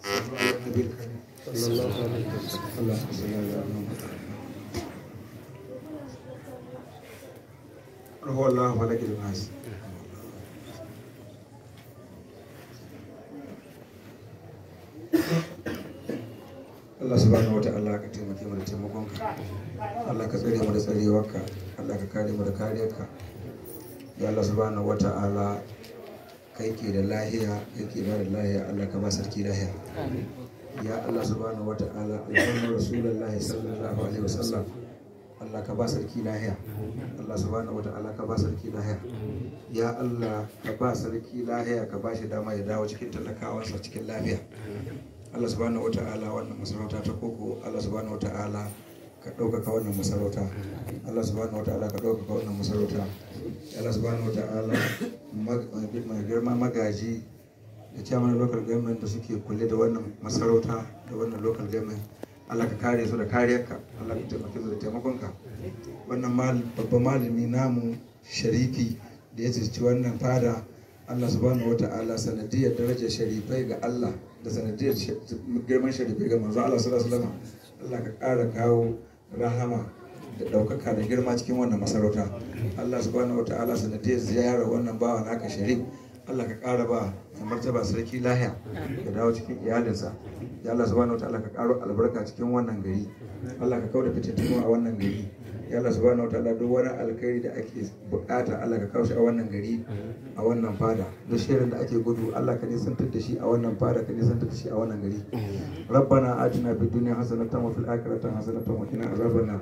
هو Allah subhanahu wa ta'ala ka taimake mu da taimakonka Allah ka tsare mu da tsarewarka Allah ka kare mu da kariyarka ya Allah subhanahu wa ta'ala kai ke da lahiya kai ke ba da lahiya Allah ka ba sarki lahiya ya Allah subhanahu wa ta'ala alhamdu rasulullahi sallallahu alaihi wasallam Allah ka ba sarki lahiya Allah subhanahu wa ta'ala ka ba sarki lahiya ya Allah ka ba sarki lahiya ka ba shi dama ya dawo cikin sa cikin lafiya Allah subhanahu wa ta'ala wannan masarauta ta koko Allah subhanahu wa ta'ala ka ɗaukaka wannan masarauta Allah subhanahu wa ta'ala ka ɗaukaka wannan masarauta Allah subhanahu wa ta'ala mai girma magaji da chairman local government da suke kulle da wannan masarauta da wannan local government Allah ka kare su da kariyarka Allah ka taimake su da taimakonka wannan babban malami namu sharifi da ya ci wannan fada Allah subhanahu wa ta'ala sanadiyar darajar sharifai ga Allah da sanadiyar girman sharifai ga manzo Allah sallallahu alaihi wasallam Allah ka ƙara kawo rahama da ɗaukaka da girma cikin wannan masarauta Allah subhanahu wa ta'ala sanadiyar ziyarar wannan bawa naka sharif Allah ka ƙara ba da martaba sarki lahiya ka dawo cikin iyalinsa ya Allah subhanahu wa ta'ala ka ƙaro albarka cikin wannan gari Allah ka kauda fitattunu a wannan gari ya Allah subhanahu wa ta'ala duk wani alkhairi da ake bukata Allah ka kawo shi a wannan gari a wannan fada da shirin da ake gudu Allah ka nisantar da shi a wannan fada ka nisantar da shi a wannan gari rabbana atina fid dunya hasanatan wa fil akhirati hasanatan wa qina azabannar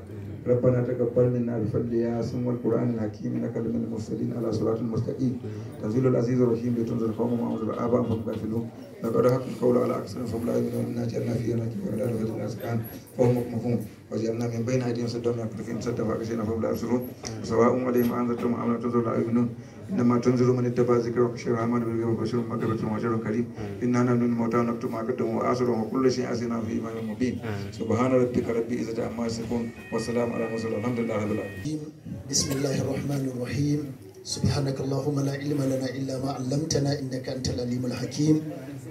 ربنا تقبل منا بفضل يا سم القران الحكيم انك من المرسلين على صراط المستقيم تنزيل العزيز الرحيم لتنزل قوم ما انزل اباء فهم غافلون لقد حق القول على اكثر فهم لا يؤمنون انا جعلنا في اناجهم ولا نهدي الاسكان فهم مكمهون وجعلنا من بين ايديهم سدا من خلفهم سدا فاغشينا فهم لا يبصرون سواء عليهم انذرتهم ام لم تنذر لا يؤمنون inna ma tunziru man ittaba zikra wa shara amal bil bashar makaratu wa sharu karim inna nahnu al mawta naktu ma qaddamu wa asru wa kullu shay'in asina fi imanin mubin subhana rabbika rabbi izati amma yasifun wa salamun ala mursalin alhamdulillahi rabbil alamin bismillahir rahmanir rahim سبحانك اللهم لا علم لنا إلا ما علمتنا إنك أنت العليم الحكيم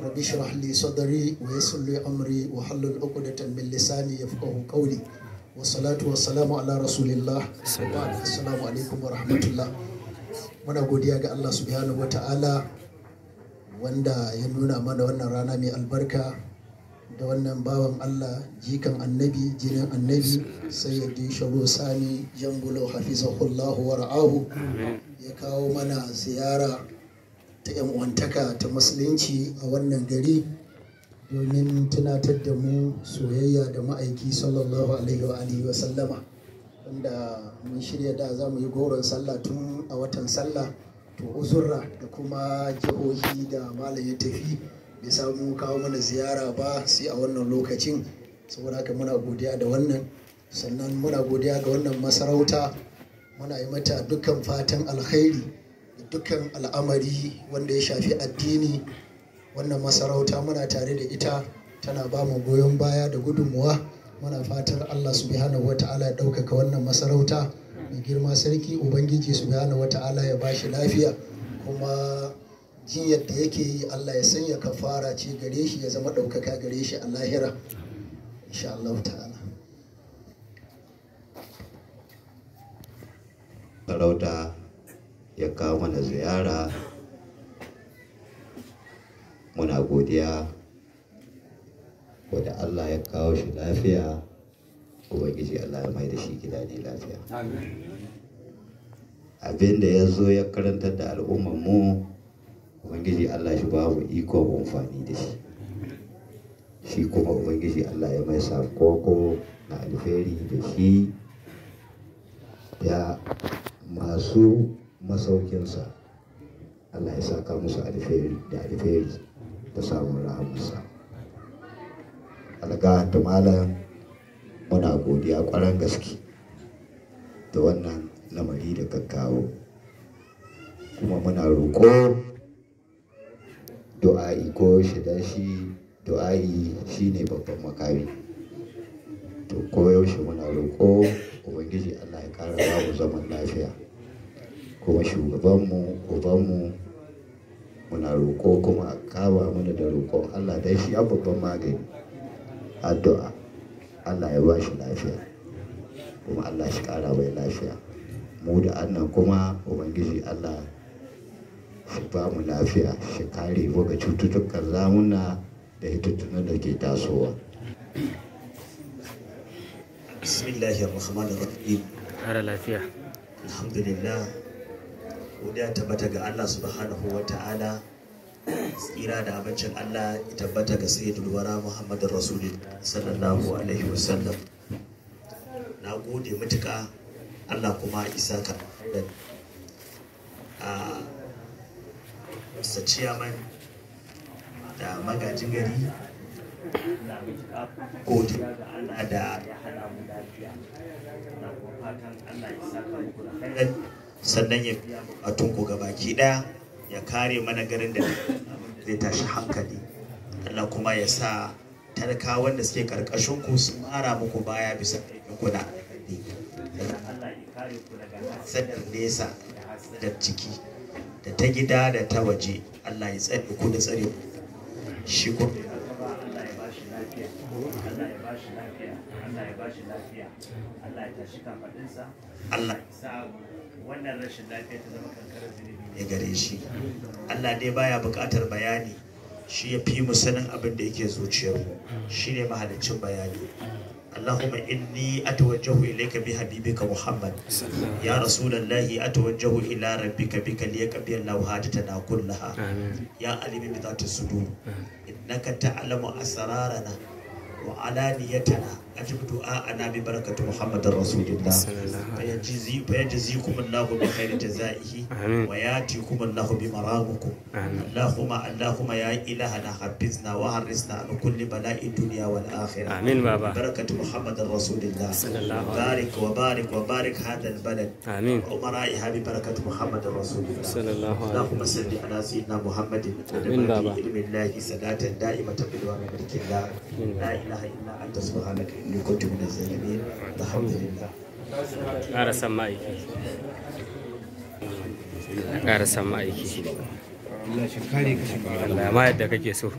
رب اشرح لي صدري ويسر لي أمري وحل العقدة من لساني يفقه قولي والصلاة والسلام على رسول الله السلام عليكم ورحمة الله muna godiya ga Allah subhanahu wata'ala wanda ya nuna mana wannan rana mai albarka da wannan bawan Allah jikan annabi jinin annabi sayyidi shago sani jambulo hafizahullahu wa ra'ahu ya kawo mana ziyara ta yan uwantaka ta musulunci a wannan gari domin tunatar da mu soyayya da ma'aiki sallallahu alaihi wa sallama wanda mun shirya da za mu yi goron sallah tun a watan sallah to uzurra da kuma jihohi da malam ya tafi bai samu kawo mana ziyara ba sai a wannan lokacin saboda haka muna godiya da wannan sannan muna godiya ga wannan masarauta muna yi mata dukkan fatan alkhairi da dukkan al'amari wanda ya shafi addini wannan masarauta muna tare da ita tana ba mu goyon baya da gudunmuwa muna fatar Allah subhanahu wata'ala ya ɗaukaka wannan masarauta mai girma sarki ubangiji subhanahu taala ya ba shi lafiya kuma jin yadda yake yi Allah ya sanya kafara ce gare shi ya zama ɗaukaka gare shi a lahira insha Allah ta'ala sarauta ya kawo mana ziyara muna godiya wanda Allah ya kawo shi lafiya ubangiji Allah ya mai da shi gida ne lafiya abin da ya zo ya karanta da al'ummar mu ubangiji Allah shi ba mu iko amfani da shi shi kuma ubangiji Allah ya mai sakoko na alheri da shi ya masu masaukinsa Allah ya saka musu alheri da alheri da samun rahamsa. alga malam muna godiya kwaran gaske da wannan lamari da kakkawo kuma muna roƙo du'a'i ko shidan shi du'a'i shine babban makami to ko yaushe muna roƙo ubangiji allah ya ƙara babu zaman lafiya kuma shugabanmu ubanmu muna roƙo kuma a kama mana da roƙon allah dai shi babban magani addu'a Allah ya ba shi lafiya kuma Allah shi kara bai lafiya mu da annan kuma ubangiji Allah shi ba mu lafiya shi kare mu ga cututtukan zamuna da hituttunan da ke tasowa bismillahir rahmanir rahim kara lafiya alhamdulillah godiya tabbata ga Allah subhanahu wa ta'ala tsira da abincin Allah ya tabbata ga sayyidul wara Muhammadur Rasulullah sallallahu alaihi wasallam na gode mutuka Allah kuma isa ka da a sa ciyaman da magajin gari gode Allah da sannan ya biya bukatun ku gabaki daya ya kare mana garin da zai tashi hankali Allah kuma ya sa talaka wanda suke karkashin ku su mara muku baya bisa ku da sannan nesa da ciki da ta gida da ta waje Allah ya tsare ku da tsare ku shi kuma Allah ya Allah sa wannan rashin lafiya ta zama kankarar zunubi ne gare shi Allah dai baya buƙatar bayani shi ya fi mu sanin abin da yake zuciyar mu ne mahalicin bayani اللهم إني أتوجه إليك بحبيبك محمد يا رسول الله أتوجه إلى ربك بك ليقضي الله حاجتنا كلها يا عليم بذات الصدور إنك تعلم أسرارنا wa alaniyatana ajib du'a ana bi barakatu muhammadin rasulillah fa yajzi fa yajzikum Allahu bi khairi jazaihi wa yatikum Allahu bi marabikum Allahumma Allahumma ya ilahana habbizna wa harisna an kulli bala'i dunya wal akhirah amin baba barakatu muhammadin rasulillah sallallahu barik wa barik wa barik hadha al balad amin wa umara'iha bi barakatu muhammadin rasulillah sallallahu Allahumma salli ala sayyidina muhammadin amin baba ilmi Allah salatan da'imatan bil wa min la ilaha ilaha illa anta subhanaka inni kuntu minaz zalimin alhamdulillah ƙara ƙara Allah ma yadda kake so